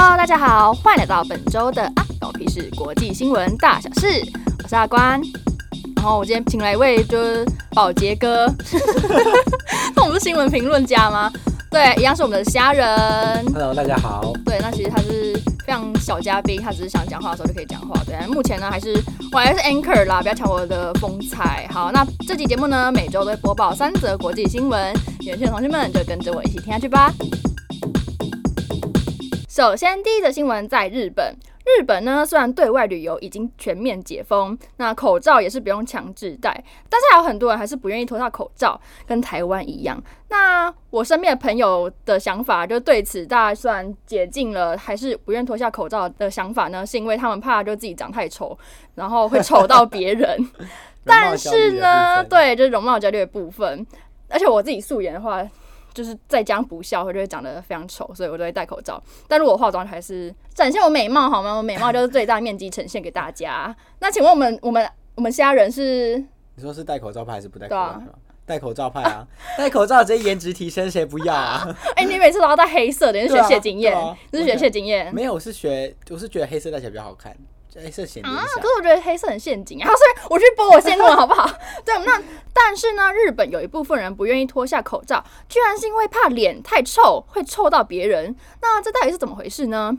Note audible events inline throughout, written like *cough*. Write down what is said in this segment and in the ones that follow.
Hello，大家好，歡迎來到本周的阿狗屁事國際新聞大小事，我是阿關，然後我今天請來一位就是寶傑哥，那 *laughs* *laughs* *laughs* 我們是新聞評論家嗎？對，一樣是我們的蝦人。Hello，大家好。對，那其實他是非常小嘉賓，他只是想講話的時候就可以講話。對，目前呢還是我還是 anchor 啦，不要搶我的風采。好，那這集節目呢每周都會播報三則國際新聞，有興趣的同學們就跟着我一起聽下去吧。首先，第一則新聞在日本。日本呢，雖然對外旅遊已經全面解封，那口罩也是不用強制戴，但是還有很多人還是不願意脫下口罩，跟台灣一樣。那我身邊的朋友的想法，就對此大概算解禁了，還是不願意脫下口罩的想法呢，是因為他們怕就自己長太醜，然後會醜到別人。 *laughs* 但是呢， *laughs* 對，就是容貌焦慮的部分， *laughs* 而且我自己素顏的話。就是在家不笑，或者會長得非常醜，所以我都會戴口罩。但如果化妝，還是展現我美貌好嗎？我美貌就是最大面積呈現給大家。 *laughs* 那請問我們我們我們蝦仁是？你說是戴口罩拍還是不戴口罩、啊？戴口罩拍啊！戴口罩直接顏值提升，誰不要啊？哎、 *laughs* 欸，你每次都要戴黑色，等於學謝金燕，你是學謝金燕，啊啊謝金燕？沒有，我是學，我是覺得黑色戴起來比較好看。黑色陷阱啊！可是我覺得黑色很陷阱啊， *laughs* 啊所以我去播我陷阱好不好？ *laughs* 對，那但是呢，日本有一部分人不願意脫下口罩，居然是因為怕臉太臭會臭到別人。那這到底是怎麼回事呢？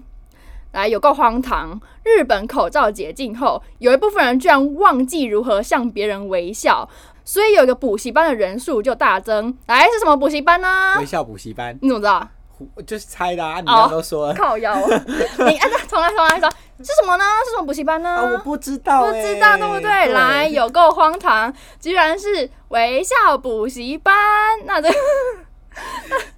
來，有夠荒唐，日本口罩解禁後，有一部分人居然忘記如何向別人微笑，所以有一個補習班的人數就大增。來，是什麼補習班呢？微笑補習班。你怎麼知道？我就是猜的啊！你們都說了，哦、靠腰。 *laughs* *laughs* 你照從、啊、來，從來，說。是什麼呢？是什麼補習班呢、哦？我不知道、欸，不知道，對不對？來，有夠荒唐，居然是微笑補習班、嗯。那這、嗯，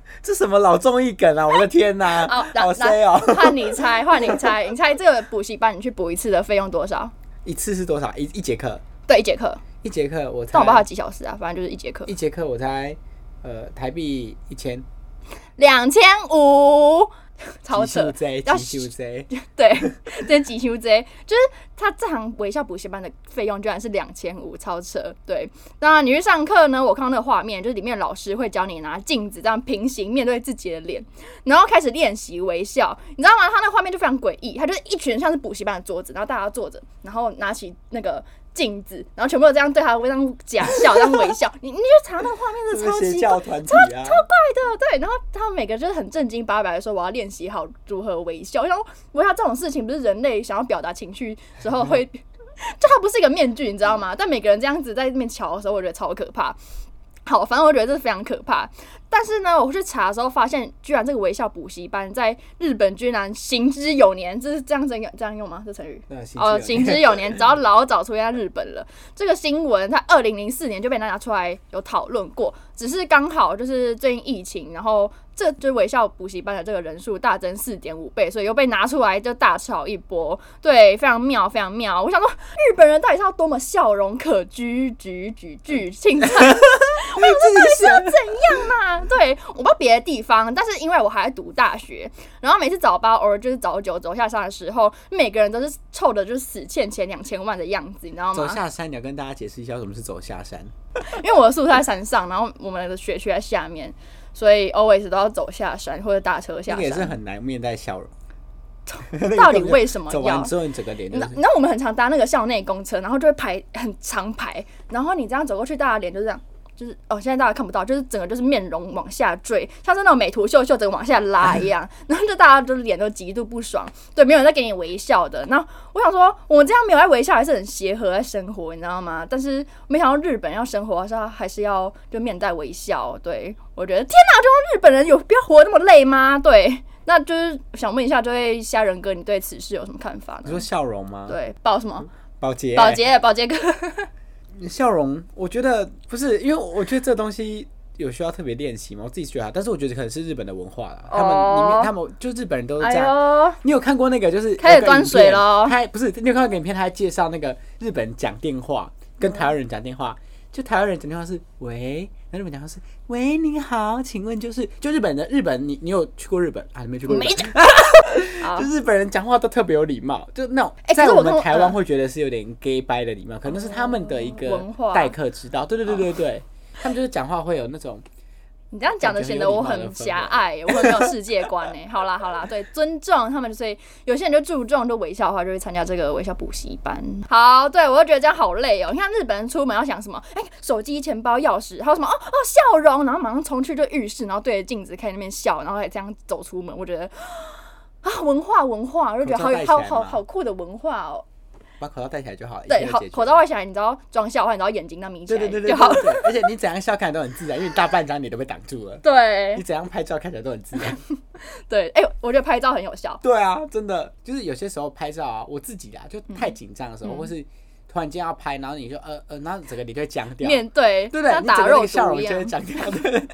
*laughs* 這什麼老綜藝梗啊！我的天哪、啊！哦，好塞哦。換你猜，換你猜，你猜這個補習班你去補一次的費用多少？一次是多少？一，一節課？對，一節課。一節課我猜，但我不知道幾小時啊，反正就是一節課。一節課，我猜，呃，台幣一千，兩千五。 *laughs* 超扯，要對，真擠秀賊， *laughs* 就是他這行微笑補習班的費用居然是兩千五，超扯，對。那你去上課呢？我看到那個畫面，就是裡面老師會教你拿鏡子這樣平行面對自己的臉，然後開始練習微笑。你知道嗎？他那個畫面就非常詭異，他就是一群像是補習班的桌子，然後大家坐着，然後拿起那個。鏡子，然後全部都這樣對他，微張假笑， *laughs* 這樣微笑。你，你就查那個畫面，是超級怪，啊、超超怪的，對。然後他們每個人就是很正經八百的說：“我要練習好如何微笑，因為微笑這種事情不是人類想要表達情緒時候會， *laughs* 就它不是一個面具，你知道嗎？” *laughs* 但每個人這樣子在那邊瞧的時候，我覺得超可怕。好，反正我覺得這是非常可怕。但是呢，我去查的時候發現，居然這個微笑補習班在日本居然行之有年，這是這樣子用，這樣用嗎？這成語？ *music* 哦，行之有年，只要老早出現在日本了。 *laughs* 這個新聞在二零零四年就被大家出來有討論過，只是剛好就是最近疫情，然後。這個、就是微笑補習班的這個人數大增四點五倍，所以又被拿出來就大炒一波。對，非常妙，非常妙。我想說，日本人到底是要多麼笑容可掬、掬掬掬？現啊？ *laughs* *laughs* 我想說，要怎樣呢、啊？ *laughs* 對，我不知道別的地方，但是因為我還在讀大學，然後每次早八，偶爾就是早九走下山的時候，每個人都是臭的，就是死欠錢兩千萬的樣子，你知道嗎？走下山，你要跟大家解釋一下什麼是走下山？ *laughs* 因為我的宿舍在山上，然後我們的學區在下面。所以 always 都要走下山或者打車下山，你也是很難面帶笑容。 *laughs* 到底為什麼要？走完之後你整個臉，那那我們很常搭那個校內公車，然後就會排很長排，然後你這樣走過去，大家臉就這樣。就是哦，現在大家看不到，就是整個就是面容往下墜，像是那種美圖秀秀整個往下拉一樣，然後就大家就是臉都極度不爽，對，沒有人在給你微笑的。那我想說，我們這樣沒有在微笑，還是很協和在生活，你知道嗎？但是沒想到日本要生活，還是要還是要就面帶微笑。對，我覺得天哪，這種日本人有必要活那麼累嗎？對，那就是想問一下，這位蝦仁哥，你對此事有什麼看法呢？你說笑容嗎？對，保什麼？保潔，保潔，保潔哥。笑容，我覺得不是，因為我覺得這東西有需要特別練習嗎？我自己覺得啊，但是我覺得可能是日本的文化了。他們裡面，他們就日本人都這樣。你有看過那個，就是開始端水嘍？他不是？你有看過影片？他還介紹那個日本講電話，跟台灣人講電話，就台灣人講電話是喂，那日本講話是喂，你好，請問就是就日本的日本，你你有去過日本還、啊、沒去過？沒去。 *laughs* 就日本人講話都特別有禮貌，就那種在我們台灣會覺得是有點 gay by 的禮貌，可能是他們的一個代、哦、文化待客之道。對對對對，對、哦、他們就是講話會有那種有。你這樣講的顯得我很狹隘，我很沒有、沒有世界觀哎。 *laughs* 好啦好啦，對，尊重他們，所以有些人就注重就微笑的話，就會參加這個微笑補習班。好，對我就覺得這樣好累哦、喔。你看日本人出門要想什麼？哎、欸，手機、錢包、鑰匙，還有什麼？哦哦，笑容，然後馬上衝去就浴室，然後對着鏡子看那邊笑，然後還這樣走出門，我覺得。啊，文化文化，我就覺得好、好、好、酷的文化哦、喔！把口罩戴起來就好，對，好，口罩戴起來，你知道，裝笑的話，你知道眼睛那麼明顯，對對對，對， *laughs* 而且你怎樣笑看起來都很自然，因為你大半張臉都被擋住了。對，你怎樣拍照看起來都很自然。對，哎、欸，我覺得拍照很有效。對啊，真的，就是有些時候拍照啊，我自己啊，就太緊張的時候，嗯、或是。突然間要拍，然後你就呃呃，那，呃、整個臉就會僵掉。面對對不對？打肉你整個一個笑容，就會僵掉。對， *laughs* *laughs*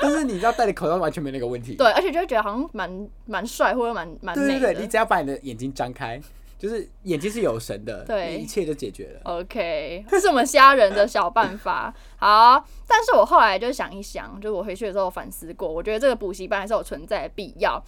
但是你知道戴着口罩完全沒那個問題。對，而且就會覺得好像蠻蠻帥或者蠻蠻美。對，對，對，你只要把你的眼睛張開。就是眼睛是有神的，對，一切就解決了。OK，這是我們蝦仁的小辦法。 *laughs* 好，但是我後來就想一想，就我回去的時候反思過，我覺得這個補習班還是有存在的必要，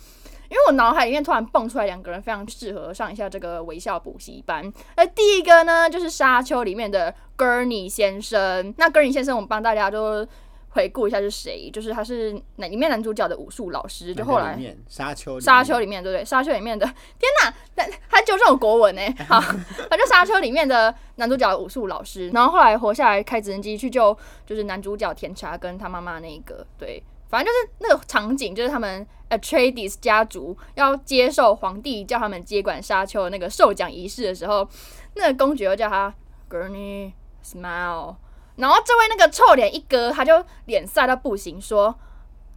因為我腦海裡面突然蹦出來兩個人非常適合上一下這個微笑補習班。那第一個呢，就是《沙丘》裡面的 Gurney 先生。那 Gurney 先生，我們幫大家就。回顧一下是誰，就是他是哪裡面男主角的武術老師，就後來沙丘沙丘裡面，對不對？沙丘裡面的天哪，那他就這種國文哎、欸，好，反 *laughs* 正沙丘裡面的男主角武術老師，然後後來活下來，開直升機去救就是男主角甜茶跟他媽媽那一個，對，反正就是那個場景，就是他們 Atrides 家族要接受皇帝叫他們接管沙丘的那個授獎儀式的時候，那個公爵叫他 Gurney Smile。然後這位那個臭臉一哥，他就臉曬到不行，說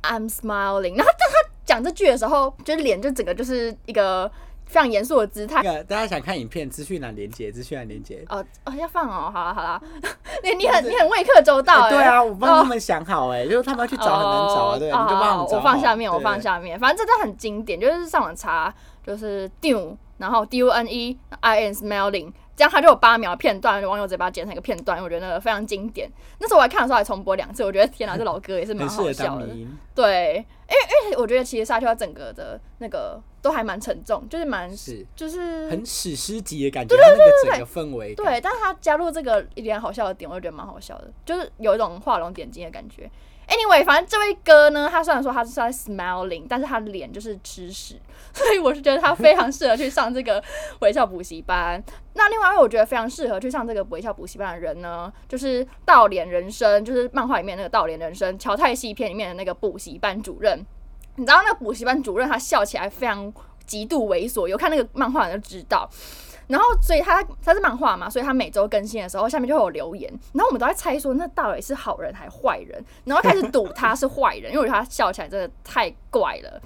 I'm smiling。然後在他講這句的時候，就是臉就整個就是一個非常嚴肅的姿態。那個大家想看影片，資訊欄連結，資訊欄連結。哦哦，要放哦，好了好了， *laughs* 你很你很你很為客周到、欸哎。對啊，我幫他們想好哎、欸哦，就是他們要去找很難找啊，哦、對，我我放下面，我放下面，反正這都很經典，就是上網查，就是 d u 然後 Dune，I am smiling。這樣他就有八秒的片段，網友直接把他剪成一個片段，我覺得那個非常經典。那時候我還看的時候還重播兩次，我覺得天哪，這老哥也是蠻好笑的 *laughs* 很適合。對，因為因為我覺得其實沙丘它整個的那個都還蠻沉重，就是蠻就是很史詩級的感覺。對對對對對，個整個氛圍。對，但是他加入這個一點好笑的點，我就覺得蠻好笑的，就是有一種畫龍點睛的感覺。Anyway，反正這位哥呢，他雖然說他是在 smiling，但是他的臉就是吃屎，所以我是覺得他非常適合去上這個微笑補習班。 *laughs* 那另外一位我覺得非常適合去上這個微笑補習班的人呢，就是道臉人生，就是漫畫裡面那個道臉人生喬太戲片裡面的那個補習班主任。你知道那個補習班主任他笑起來非常極度猥瑣，有看那個漫畫你就知道。然後，所以他他是漫畫嘛，所以他每周更新的時候，下面就會有留言。然後我們都在猜說，那到底是好人還是壞人？然後開始賭他是壞人， *laughs* 因為我覺得他笑起來真的太怪了。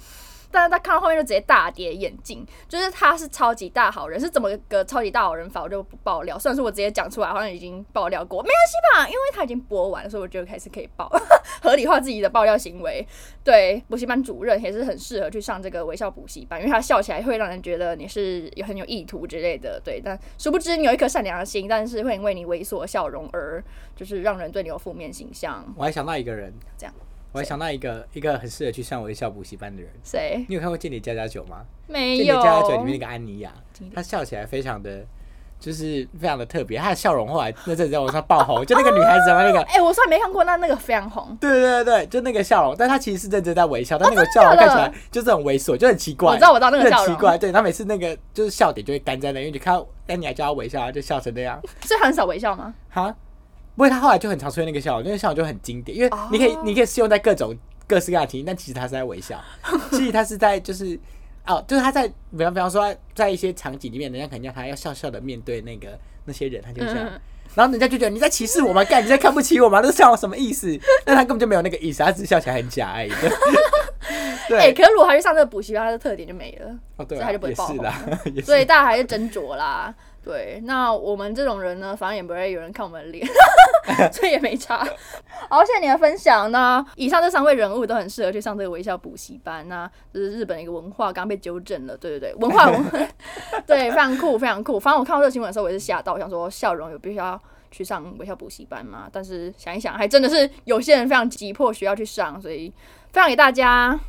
但是他看到後面就直接大跌眼鏡，就是他是超級大好人。是怎麼個超級大好人法，我就不爆料。雖然說我直接講出來，好像已經爆料過，沒關係吧？因為他已經播完，所以我覺得還是可以爆，呵呵，合理化自己的爆料行為。對，補習班主任也是很適合去上這個微笑補習班，因為他笑起來會讓人覺得你是有很有意圖之類的。對，但殊不知你有一顆善良的心，但是會因為你猥瑣的笑容而就是讓人對你有負面形象。我還想到一個人，這樣。我想到一個一個很適合去上微笑補習班的人。誰？你有看過《間諜家家酒》嗎？沒有。《間諜家家酒》裡面那個安妮雅，她笑起來非常的，就是非常的特別。她的笑容後來那陣子在網上爆紅， *coughs* 就那個女孩子嘛，那個。哎、欸，我雖然沒看過，但那，那個非常紅。對對對對，就那個笑容，但她其實是認真在微笑，啊，但那個笑容看起來就是很猥瑣，啊，就很奇怪。我知道，我知道那個很奇怪，對，她每次那個就是笑點就會乾在那裡，因為你看安妮雅教微笑，就笑成這樣。所以很少微笑嗎？哈。不過他後來就很常出現那個笑容，因、那、為、個、笑容就很經典，因為你可以你可以適用在各種各式各樣的情境。但其實他是在微笑，其實他是在就是啊、 *laughs* 哦，就是他在比方比方說在一些場景裡面，人家肯定要他要笑笑的面對那個那些人，他就這樣、嗯。然後人家就覺得你在歧視我嗎？幹你在看不起我嗎？那個笑容什麼意思？但他根本就沒有那個意思，他只是笑起來很假而、欸、已。對 *laughs* 對、欸，可是如果還去上這個補習班，它的特點就沒了，哦啊、所以他就不會爆紅了。所以大家還是斟酌啦。對，那我們這種人呢，反正也不會有人看我們的臉， *laughs* 所以也沒差。 *laughs* 好，謝謝你的分享呢。以上這三位人物都很適合去上這個微笑補習班呢。就是日本的一個文化剛被糾正了，對對對，文化文化， *laughs* 對，非常酷，非常酷。反正我看到這個新聞的時候，我也是嚇到，我想說，笑容有必須要去上微笑補習班嗎？但是想一想，還真的是有些人非常急迫需要去上，所以。分享給大家、啊。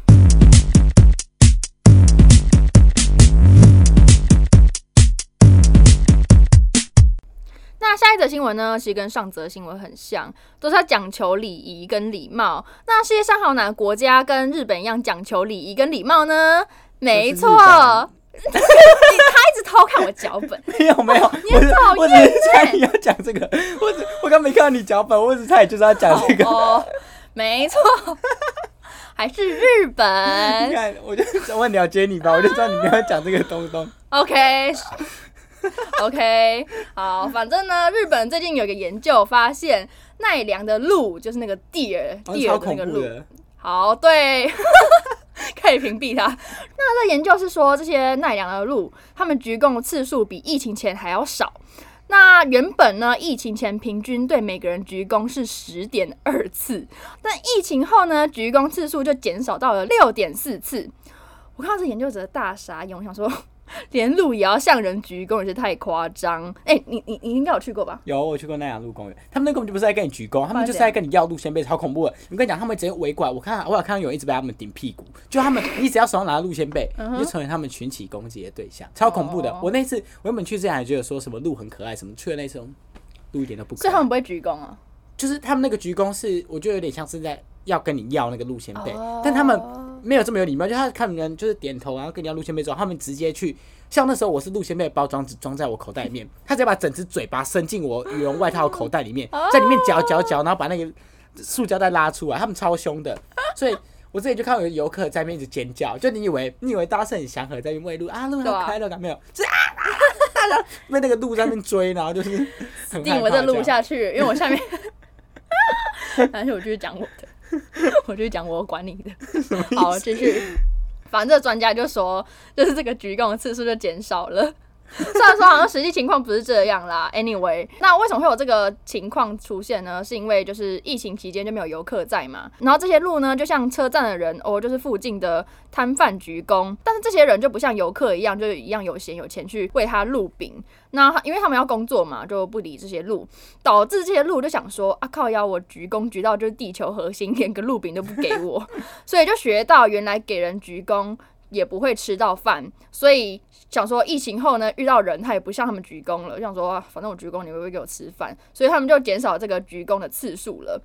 那下一則新聞呢？其實跟上則新聞很像，都是要講求禮儀跟禮貌。那世界上還有哪個國家跟日本一樣講求禮儀跟禮貌呢？沒錯，就是 *laughs* 欸，他一直偷看我腳本 *laughs* 沒。沒有沒有、哦。你討厭。我我你要講這個。我只我剛沒看到你腳本，我一開始就是要講這個。 *laughs* 哦，哦，沒錯。還是日本？你看，我就想問了解你吧， *laughs* 我就知道你不要講這個東東。OK，OK，Okay. Okay. 好，反正呢，日本最近有一個研究發現，奈良的鹿就是那個 deer，deer 那個鹿的。好，對， *laughs* 可以屏蔽它。那這研究是說，這些奈良的鹿，他們鞠躬次數比疫情前還要少。那原本呢，疫情前平均對每個人鞠躬是十點二次，但疫情後呢，鞠躬次數就減少到了六點四次。我看到這研究者大傻眼，我想說。連鹿也要向人鞠躬也是太誇張。哎、欸，你你你應該有去過吧？有，我去過奈良鹿公園。他們那根本就不是在跟你鞠躬，他們就是在跟你要鹿仙貝，超恐怖的。我跟你講，他們直接圍過來，我看我有看到有人一直被他們頂屁股。就他們，你只要手上拿着鹿仙貝，你就成為他們群起攻擊的對象，uh -huh. 超恐怖的。我那次我原本去之前還覺得說什麼鹿很可愛，什麼去的那時候鹿一點都不可愛。可所以他們不會鞠躬啊？就是他們那個鞠躬是，我覺得有點像是在要跟你要那個鹿仙貝，uh -huh. 但他們。沒有這麼有禮貌，就他看人就是點頭，然後跟人家鹿仙貝走。他們直接去，像那時候我是鹿仙貝，包裝紙裝在我口袋裡面，他直接把整隻嘴巴伸進我羽絨外套口袋裡面，在裡面嚼嚼嚼，嚼，然後把那個塑膠袋拉出來。他們超凶的，所以我這裡就看到有遊客在那邊一直尖叫，就你以為你以為大家是很祥和在那餵，在、啊、鹿啊鹿要開了，樂、啊，沒有，是啊，啊然後被那個鹿在那邊追， *laughs* 然後就是定我你以為在錄下去，因為我下面， *laughs* 但 *laughs* 是，我就是講我的。 *laughs* 我就講我管你的，好，繼續。反正這專家就說，就是這個鞠躬次數就減少了。雖然說好像實際情況不是這樣啦，anyway，那為什麼會有這個情況出現呢？是因為就是疫情期間就沒有遊客在嘛，然後這些鹿呢就像車站的人哦，就是附近的攤販鞠躬，但是這些人就不像遊客一樣，就是一樣有閒有錢去餵牠鹿餅。那因為他們要工作嘛，就不理這些鹿，導致這些鹿就想說啊靠腰，要我鞠躬鞠到就是地球核心，連個鹿餅都不給我，所以就學到原來給人鞠躬也不會吃到飯，所以想說疫情後呢，遇到人他也不向他們鞠躬了。想說反正我鞠躬，你不會給我吃飯，所以他們就減少這個鞠躬的次數了。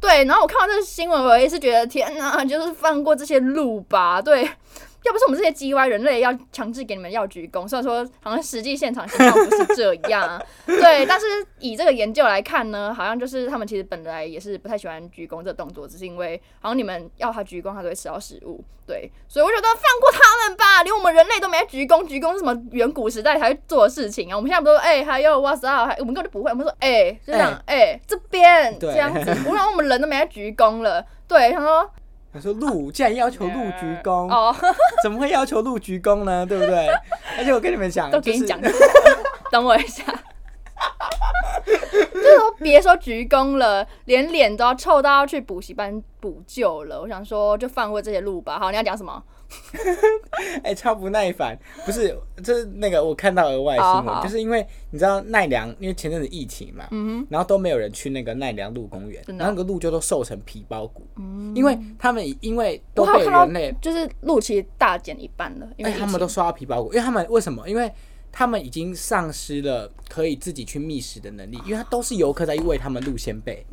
對，然後我看到這個新聞，我也是覺得天哪，就是放過這些鹿吧，對。要不是我們這些嘰歪人類要強制給你們要鞠躬，所以說好像實際現場情況不是這樣。 *laughs* 對，但是以這個研究來看呢，好像就是他們其實本來也是不太喜歡鞠躬這動作，只是因為好像你們要他鞠躬，他都會吃到食物。對，所以我覺得放過他們吧，連我們人類都沒在鞠躬，鞠躬是什麼遠古時代才會做的事情啊？我們現在不說哎、欸，還有 what's up？我們根本就不會，我們說哎、欸欸欸，這樣哎這邊這樣子，我想我們人都沒在鞠躬了。對，他說。說鹿既然要求鹿鞠躬，Okay. Oh. *laughs* 怎麼會要求鹿鞠躬呢？對不對？ *laughs* 而且我跟你們講，都給你講， *laughs* 等我一下。 *laughs* 就是別說，說鞠躬了，連臉都要臭到要去補習班補救了。我想說，就放過這些鹿吧。好，你要講什麼？哎 *laughs* 欸，超不耐煩！不是，這、就是那個我看到額外新聞，就是因為你知道奈良，因為前陣子疫情嘛、嗯，然後都沒有人去那個奈良鹿公園，然後那個鹿就都瘦成皮包骨。嗯，因為他們因為都被人類，就是鹿其實大減一半了。因為、欸、他們都刷到皮包骨，因為他們為什麼？因為他們已經喪失了可以自己去覓食的能力，因為它都是遊客在餵他們鹿仙貝。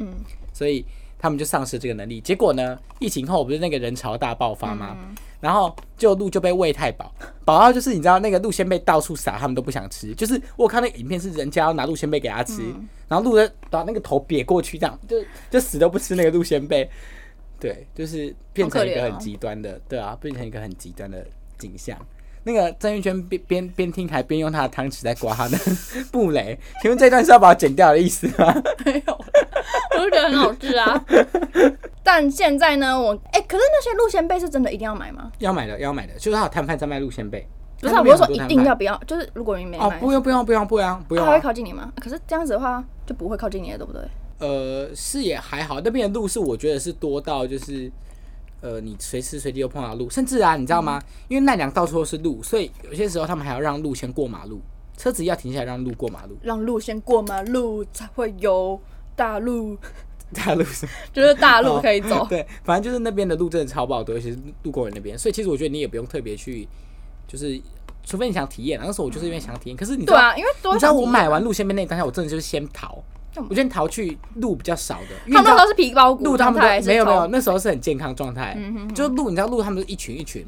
所以他們就喪失這個能力。結果呢，疫情後不是那個人潮大爆發嗎？嗯、然後就鹿就被餵太飽，飽到就是你知道那個鹿仙貝到處撒，他們都不想吃。就是我看那個影片是人家要拿鹿仙貝給他吃，嗯、然後鹿的把那個頭癟過去，這樣就就死都不吃那個鹿仙貝，對，就是變成一個很極端的、啊，對啊，變成一個很極端的景象。那個曾玉娟邊邊邊聽還邊用他的湯匙在刮他的 *laughs* 布雷，請問這一段是要把它剪掉的意思嗎？ *laughs* 沒有，我就覺得很好吃啊。 *laughs* 但現在呢，我哎、欸，可是那些鹿仙貝是真的一定要買嗎？要買的，要買的，就是他有攤販在賣鹿仙貝。不是，我是說一定要不要，就是如果你沒買、哦、不用不用不用不用，不用，不用、啊啊，他會靠近你嗎？可是這樣子的話就不會靠近你了，對不對？呃，視野還好，那邊的鹿是我覺得是多到就是。呃，你隨時隨地都碰到鹿，甚至啊，你知道嗎？嗯、因為奈良到處都是鹿，所以有些時候他們還要讓鹿先過馬路，車子要停下來讓鹿過馬路，讓鹿先過馬路才會有大路，大路就是大路可以走。哦、對，反正就是那邊的路真的超不好走，尤其是路過人那邊。所以其實我覺得你也不用特別去，就是除非你想體驗。那時候我就是因為想體驗、嗯，可是你對啊，因為你知道我買完路線票那當下，我真的就是先逃。我覺得逃去鹿比較少的，因為他們是皮包骨。鹿他們，路他們沒有沒有，那時候是很健康狀態。嗯哼，哼。就鹿，你知道鹿他們都一群一群，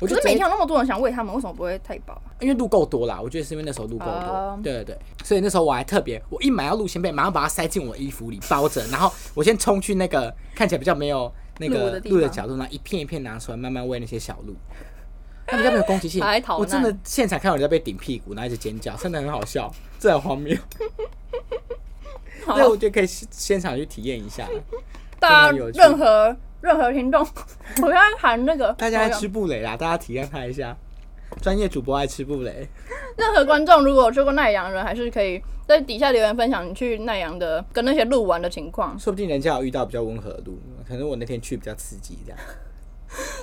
我覺得每天有那麼多人想餵他們，我為什麼不會太飽？因為鹿夠多了，我覺得是因為那時候鹿夠多。Uh... 對對對，所以那時候我還特別，我一買到鹿仙貝馬上把它塞進我衣服裡包着， *laughs* 然後我先衝去那個看起來比較沒有那個鹿的角度，然後一片一片拿出來慢慢餵那些小鹿。 *laughs* 他們家沒有攻擊性，我真的現場看到人家被頂屁股，然後一直尖叫，真的很好笑，真的很荒謬。 *laughs* 那、這個、我就可以現場去體驗一下了。大家任何任何聽眾， *laughs* 我現在喊那個大家愛吃布雷啦， *laughs* 大家體驗他一下。專業主播愛吃布雷。任何觀眾如果去過奈良的人，還是可以在底下留言分享你去奈良的跟那些鹿玩的情況。說不定人家有遇到比較溫和的鹿，可能我那天去比較刺激這樣。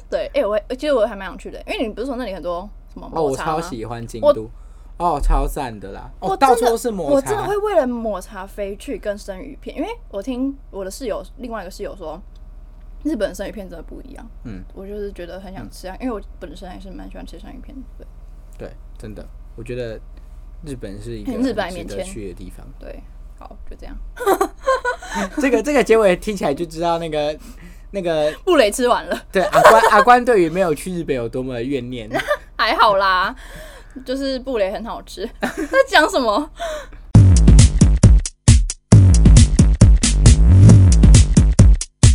對，哎、欸，我其實我還蠻想去的，因為你不是說那裡很多什麼、啊？哦，我超喜歡京都。哦，超贊的啦！哦、我到處都是抹茶，我真的會為了抹茶飛去跟生魚片，因為我聽我的室友另外一個室友說，日本的生魚片真的不一樣。嗯，我就是覺得很想吃啊，嗯，因為我本身還是蠻喜歡吃生魚片的對。對，真的，我覺得日本是一個很值得去的地方。對，好，就這樣。 *laughs* 這個這個結尾聽起來就知道那個那個布雷吃完了。對，阿關阿關對於沒有去日本有多麼的怨念？ *laughs* 還好啦。就是布蕾很好吃。 *laughs* 在講什麼？ *music* *music*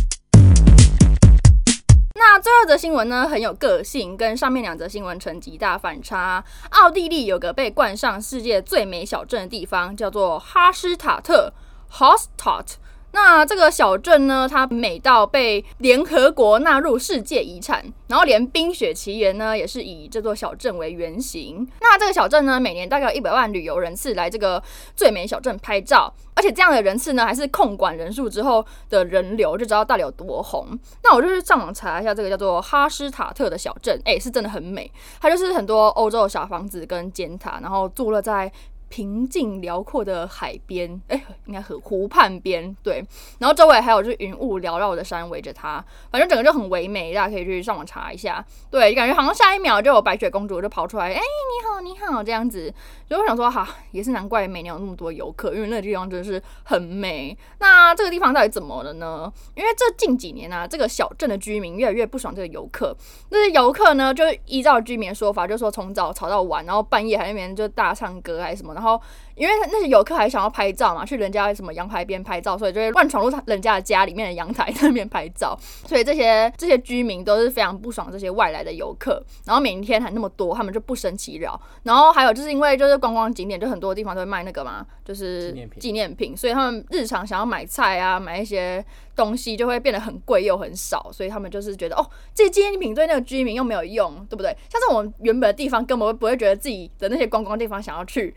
*music* 那最後則新聞呢？很有個性，跟上面兩則新聞成極大反差。奧地利有個被冠上“世界最美小鎮”的地方，叫做哈施塔特，哈施塔特。那這個小鎮呢，它美到被聯合國納入世界遺產，然後連《冰雪奇緣》呢也是以這座小鎮為原型。那這個小鎮呢，每年大概有一百萬旅遊人次來這個最美小鎮拍照，而且這樣的人次呢，還是控管人數之後的人流，就知道到底有多紅。那我就去上網查一下這個叫做哈斯塔特的小鎮，誒、欸，是真的很美，它就是很多歐洲的小房子跟尖塔，然後坐落在。平靜遼闊的海邊，哎、欸，應該和湖畔邊對，然後周圍還有就是雲霧繚繞的山圍着它，反正整個就很唯美，大家可以去上網查一下，對，就感覺好像下一秒就有白雪公主就跑出來，哎、欸，你好，你好，這樣子。所以我想說，哈、啊，也是難怪每年有那麼多遊客，因為那個地方真的是很美。那這個地方到底怎麼了呢？因為這近幾年呢、啊，這個小鎮的居民越來越不爽這個遊客。那些遊客呢，就依照居民的說法，就說從早吵到晚，然後半夜還在那邊就大唱歌啊什麼。然後因為那些遊客還想要拍照嘛，去人家什麼陽台邊拍照，所以就會亂闖入人家的家裡面的陽台那邊拍照。所以這些這些居民都是非常不爽這些外來的遊客。然後每天還那麼多，他們就不勝其擾。然後還有就是因為就是。觀光，光景點就很多地方都會賣那個嘛，就是紀念，念品，所以他們日常想要買菜啊，買一些東西就會變得很貴又很少，所以他們就是覺得哦，這些紀念品對那個居民又沒有用，對不對？像是我們原本的地方根本不會，不會覺得自己的那些觀光，光地方想要去，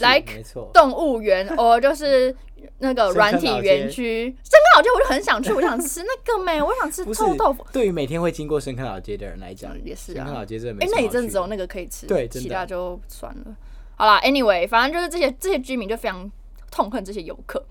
來、like、動物園或 *laughs* 就是那個軟體園區，深坑老，老街我就很想去，我想吃那個咩， *laughs* 我想吃臭豆腐。對於每天會經過深坑老街的人來講，也是啊。老街真的沒哎、欸、那一陣子哦，那個可以吃，對，真的，其他就算了。好啦，Anyway，反正就是這些這些居民就非常痛恨這些遊客，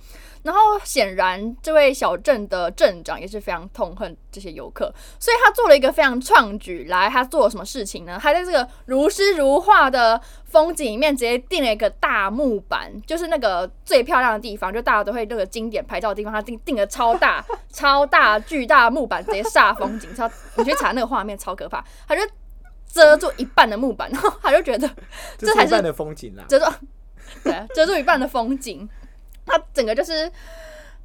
然後顯然這位小鎮的鎮長也是非常痛恨這些遊客，所以他做了一個非常創舉，來他做了什麼事情呢？他在這個如詩如畫的風景裡面直接定了一個大木板，就是那個最漂亮的地方，就大家都會那個經典拍照的地方，他定定了超大、 *laughs* 超大、巨大木板，直接煞風景，超我覺得查那個畫面超可怕，他就。遮住一半的木板，然後他就覺得 *laughs* 這才是一半的風景啦。遮住，對啊，遮住一半的風景， *laughs* 他整個就是。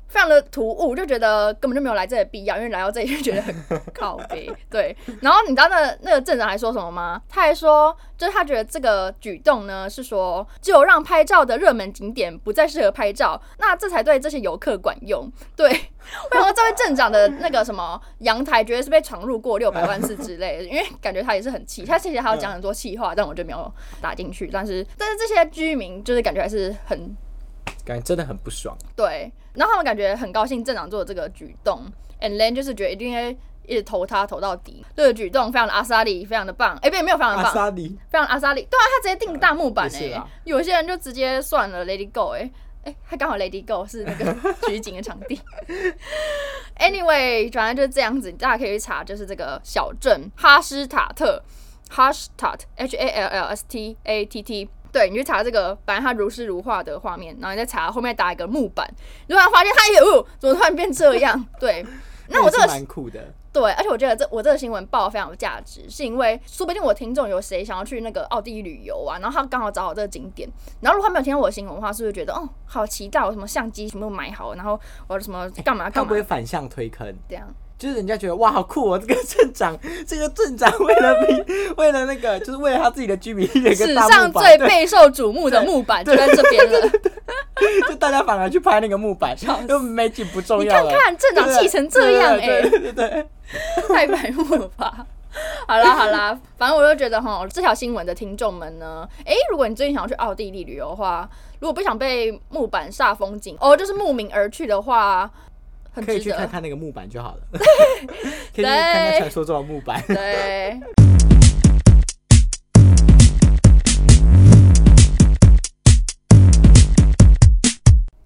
非常的突兀，就覺得根本就沒有來這裡必要，因為來到這裡就覺得很靠北。對，然後你知道那個那個鎮長還說什麼嗎？他還說，就是他覺得這個舉動呢，是說只有讓拍照的熱門景點不再適合拍照，那這才對這些遊客管用。對，我想到這位鎮長的那個什麼陽台，覺得是被闖入過六百萬次之類的，因為感覺他也是很氣，他其實還有講很多氣話，但我就沒有打進去。但是，但是這些居民就是感覺還是很。感覺真的很不爽、啊。對，然後我感覺很高興鎮長做的這個舉動，And then 就是覺得一定會一直投他投到底。這個舉動非常的阿莎莉，非常的棒。哎、欸，不對，沒有非常的棒、阿莎莉，非常阿莎莉。對啊，他直接釘大木板哎、欸啊。有些人就直接算了，Lady Go 哎、欸、哎，還、欸、剛好 Lady Go 是那個取景的場地。 *laughs* *laughs* anyway，反正就是這樣子，大家可以去查，就是這個小鎮哈斯塔特 h a s t a t h A L L S T A T T。對，你去查這個，反正它如詩如畫的畫面，然後你再查後面打一個木板，你突然發現他有、呃，怎麼突然變這樣？ *laughs* 對，那我這個蠻 *laughs* 酷的。對，而且我覺得這我這個新聞報的非常有價值，是因為說不定我聽眾有誰想要去那個奧地利旅遊啊，然後他剛好找好這個景點，然後如果他沒有聽到我的新聞的話，是不是覺得哦、嗯、好奇怪，我什麼相機什麼買好，然後我什麼幹嘛幹嘛，嘛？不、欸、會反向推坑這樣？就是人家覺得哇，好酷哦、喔！這個鎮長，這個鎮長為了 *laughs* 為了那個，就是為了他自己的居民的一個史上最備受矚目的木板就在這邊了對對對對，就大家反而去拍那個木板，就 *laughs* 美景不重要了，你看看鎮長氣成這樣哎、欸，太白目了吧？好啦好啦， *laughs* 反正我就覺得哈，這條新聞的聽眾們呢，哎、欸，如果你最近想要去奧地利旅遊的話，如果不想被木板煞風景，哦，就是慕名而去的話。可以去看看那個木板就好了。對， *laughs* 可以去看看傳說中的木板對。對。 *laughs*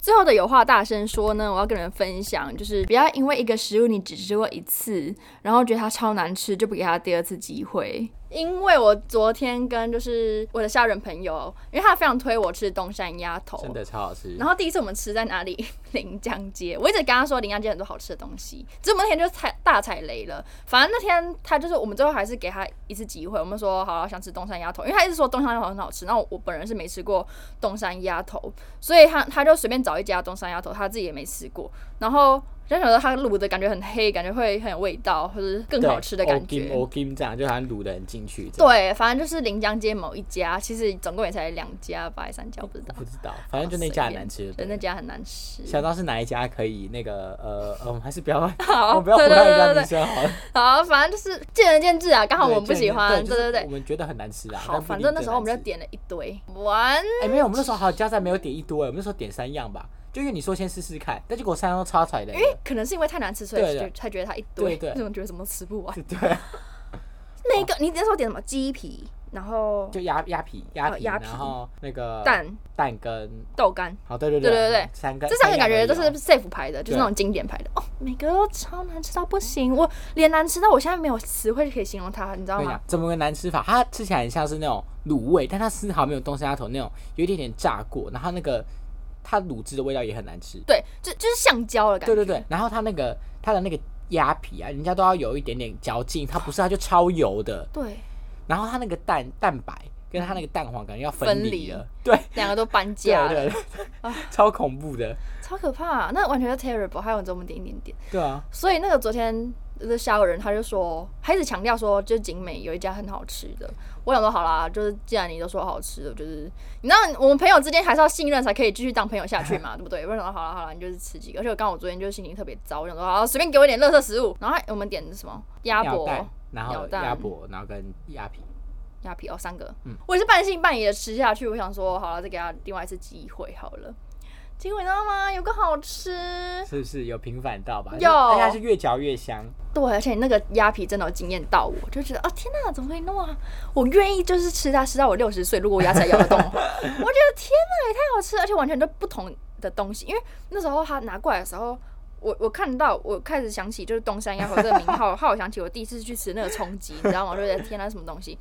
最後的有話大聲說呢，我要跟你們分享，就是不要因為一個食物你只吃過一次，然後覺得它超難吃，就不給它第二次機會。因為我昨天跟就是我的蝦仁朋友，因為他非常推我吃東山鴨頭，真的超好吃。然後第一次我們吃在哪裡？臨江街。我一直跟他說臨江街很多好吃的東西，結果那天就踩大踩雷了。反正那天他就是我們最後還是給他一次機會，我們說好好想吃東山鴨頭，因為他一直說東山鴨頭很好吃。那我本人是沒吃過東山鴨頭，所以他他就隨便找一家東山鴨頭，他自己也沒吃過。然後。真的他滷的感覺很黑，感覺會很有味道，或者更好吃的感覺。烏金烏金這樣，就好像滷的很進去。對，反正就是臨江街某一家，其實總共也才兩家吧，還三家我不知道。哦、不知道，反正就那家很難吃對。對，那家很難吃。想到是哪一家可以那個呃們、呃、還是不要，好我不要破壞人家名聲好了。好，反正就是見仁見智啊，剛好我們不喜歡，對對,對對。對對對就是、我們覺得很難吃啊。好，反正那時候我們就點了一堆。完。哎，沒有，我們那時候好家在沒有點一堆、欸，我們那時候點三樣吧。就因為你說先試試看，但結果三個都超出來的。因為可能是因為太難吃，所以才覺得他一堆，對對對怎麼覺得怎麼都吃不完。對，對，對， *laughs* 那個、哦、你直接說點什麼雞皮，然後就鴨鴨皮，鴨鴨皮，皮，然後那個蛋蛋跟豆干。好、哦，對對對對，對對對，三個，對對對三個，三個這三個感覺都是 safe 牌的，就是那種經典牌的。哦，每個都超難吃到不行，嗯、我連難吃到我現在沒有詞彙可以形容它，你知道嗎？怎、啊、麼個難吃法？它吃起來很像是那種滷味，但它絲毫沒有東山鴨頭那種有一點點炸過，然後那個。它滷汁的味道也很難吃，對，就就是橡膠的感覺。對對對，然後它那個它的那個鴨皮啊，人家都要有一點點嚼勁，它不是，它就超油的。對，然後它那個蛋蛋白跟它那個蛋黃感覺要分離了分離，對，兩個都搬家了對對對、啊，超恐怖的，超可怕、啊，那完全就 terrible。還有我們點一點點，對啊，所以那個昨天。就是下個人，他就說，開始強調說，就是、景美有一家很好吃的。我想說，好啦，就是既然你都說好吃的，就是你知道我們朋友之間還是要信任，才可以繼續當朋友下去嘛，對不對？我想說，好啦好啦，你就是吃幾個。而且我剛，剛我昨天就是心情特別糟，我想說，好啦，隨便給我一點垃圾食物。然後我們點什麼鴨脖，鴨蛋然後鴨脖，鴨、蛋鴨脖，然後跟鴨皮，鴨皮哦，三個。嗯，我也是半信半疑的吃下去。我想說，好了，再給他另外一次機會，好了。你知道嗎？有個好吃，是不是有平反到吧？有，而且是越嚼越香。對，而且那個鴨皮真的有驚豔到我，就覺得啊、哦、天哪，怎麼可以那麼啊？我願意就是吃它，吃到我六十歲，如果我牙齒咬得動的話， *laughs* 我覺得天哪，也太好吃，而且完全都不同的東西。因為那時候他拿過來的時候，我我看到，我開始想起就是東山鴨頭這個名號，害 *laughs* 我想起我第一次去吃那個衝擊，你知道嗎？就覺得天哪，什麼東西。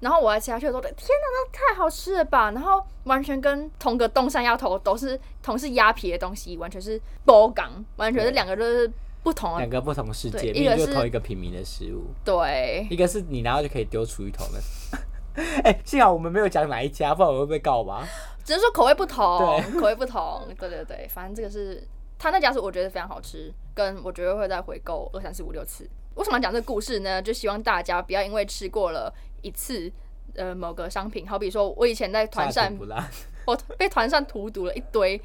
然後我再吃下去的時候，天哪，那太好吃了吧！然後完全跟同個東山鴨頭都是同是鴨皮的東西，完全是包剛，完全是兩個都是不同的兩個不同世界，一個是明明同一個平民的食物，對，一個是你拿回去就可以丟廚餘桶的。哎，幸好我們沒有講哪一家，不然我們會被告吧？只是說口味不同，口味不同，對對對，反正這個是他那家是我覺得非常好吃，跟我覺得會再回購二三四五六次。為什麼要講這個故事呢？就希望大家不要因為吃過了。一次，呃，某個商品，好比說，我以前在團上，我被團上荼毒了一堆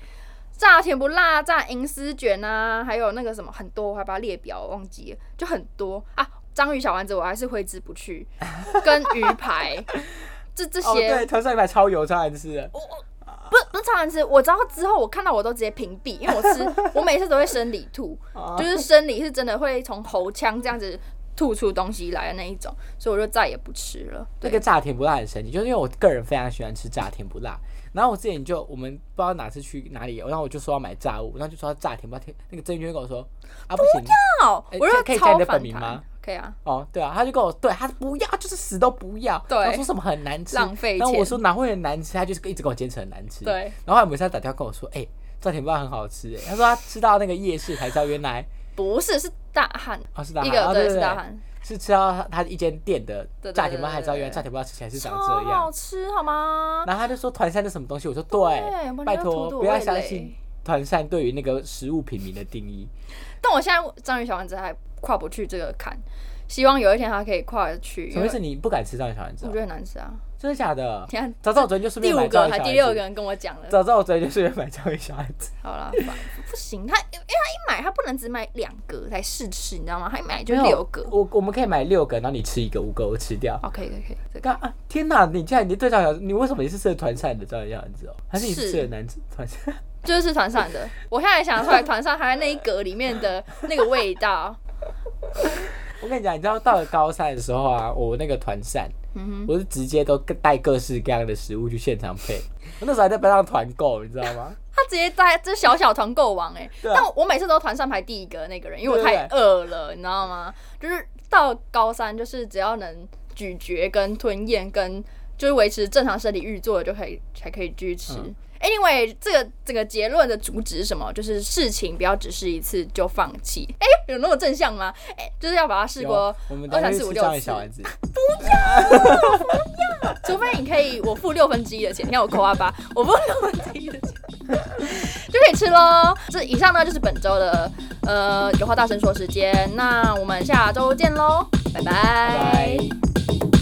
炸甜不辣、炸銀絲捲啊，還有那個什麼很多，我還把列表忘記了，就很多啊，章魚小丸子我還是揮之不去，跟魚排，這 *laughs* 這些，oh，對，團上魚排超油，超難吃的不，不是不不超難吃，我知道之後我看到我都直接屏蔽，因為我吃 *laughs* 我每次都會生理吐，oh。就是生理是真的會從喉腔這樣子，.吐出東西來的那一種，所以我就再也不吃了。那個炸甜不辣很神奇，就是因為我個人非常喜歡吃炸甜不辣。然後我之前就我們不知道哪次去哪裡，然後我就說要買炸物，然後就說炸甜不辣。那個玉娟跟我說，啊不，不行，我說、欸、可以加你的本名嗎？可以啊。哦，對啊，她就跟我對，她說不要，就是死都不要。對，他說什麼很難吃，浪費錢。然後我說哪會很難吃，她就是一直跟我堅持很難吃。對。然後後來每次他打電話跟我說，誒、欸，炸甜不辣很好吃、欸，哎，他說她吃到那個夜市才知道原來。不是，是大漢啊、哦，是大漢，對，對，對是大漢，是吃到他他一間店的炸甜包。還知道原來炸甜包吃起來是長這樣，對對對對，好吃好嗎？然後他就說團扇是什麼東西，我說對，對，拜託不要相信團扇對於那個食物品名的定義。 *laughs* 但我現在章魚小丸子還跨不去這個坎，希望有一天他可以跨過去。什麼意思？你不敢吃章魚小丸子？我覺得很難吃啊。真的假的？天、啊，早知道我昨天就順便買教育第五個，還第六個人跟我講了。早知道我昨天就順便買教育小孩子 *laughs* 好啦。好了，不行，他因為、欸、他一買，他不能只買兩個才試吃，你知道嗎？他一買就六個。我我們可以買六個，然後你吃一個，五個我吃掉。哦、okay, okay,，可以可以可以。看啊，天哪！你居然你對著小，你為什麼也是吃團扇的？趙一洋，你知道一、哦？他是也是男子團扇，就是吃團扇的。 *laughs* 我現在想出來團扇，還在那一格裡面的那個味道。 *laughs* *laughs* *laughs* 我跟你講，你知道到了高三的時候啊，我那個團扇。嗯、哼，我是直接都帶各式各樣的食物去現場配，那時候還在班上團購，你知道嗎？ *laughs* 他直接帶，這小小團購王哎。但我每次都團上排第一個那個人，因為我太餓了。對對對，你知道嗎？就是到高三，就是只要能咀嚼跟吞嚥跟就是維持正常身體運作的就可以才可以去吃。嗯 Anyway, 這個這個結論的主旨是什麼？就是事情不要只試一次就放棄。哎、欸，有那麼正向嗎？哎、欸，就是要把它試過2，我想試五六次。4, 5, 6, *laughs* 不要，不要， *laughs* 除非你可以，我付六分之一的錢， *laughs* 你看我扣啊吧，我付六分之一的錢 *laughs* *laughs* *laughs* 就可以吃嘍。這以上呢就是本周的呃有話大聲說時間，那我們下周見嘍，拜拜。Bye bye